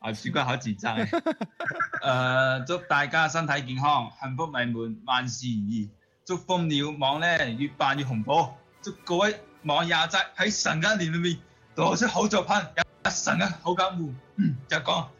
阿主君好自在，誒祝大家身體健康、幸福美滿、萬事如意。祝蜂鳥網咧越辦越紅火，祝各位網友仔喺新一年裏面做出好作品，有、 啊、神嘅、啊、好吉運。就、嗯、講。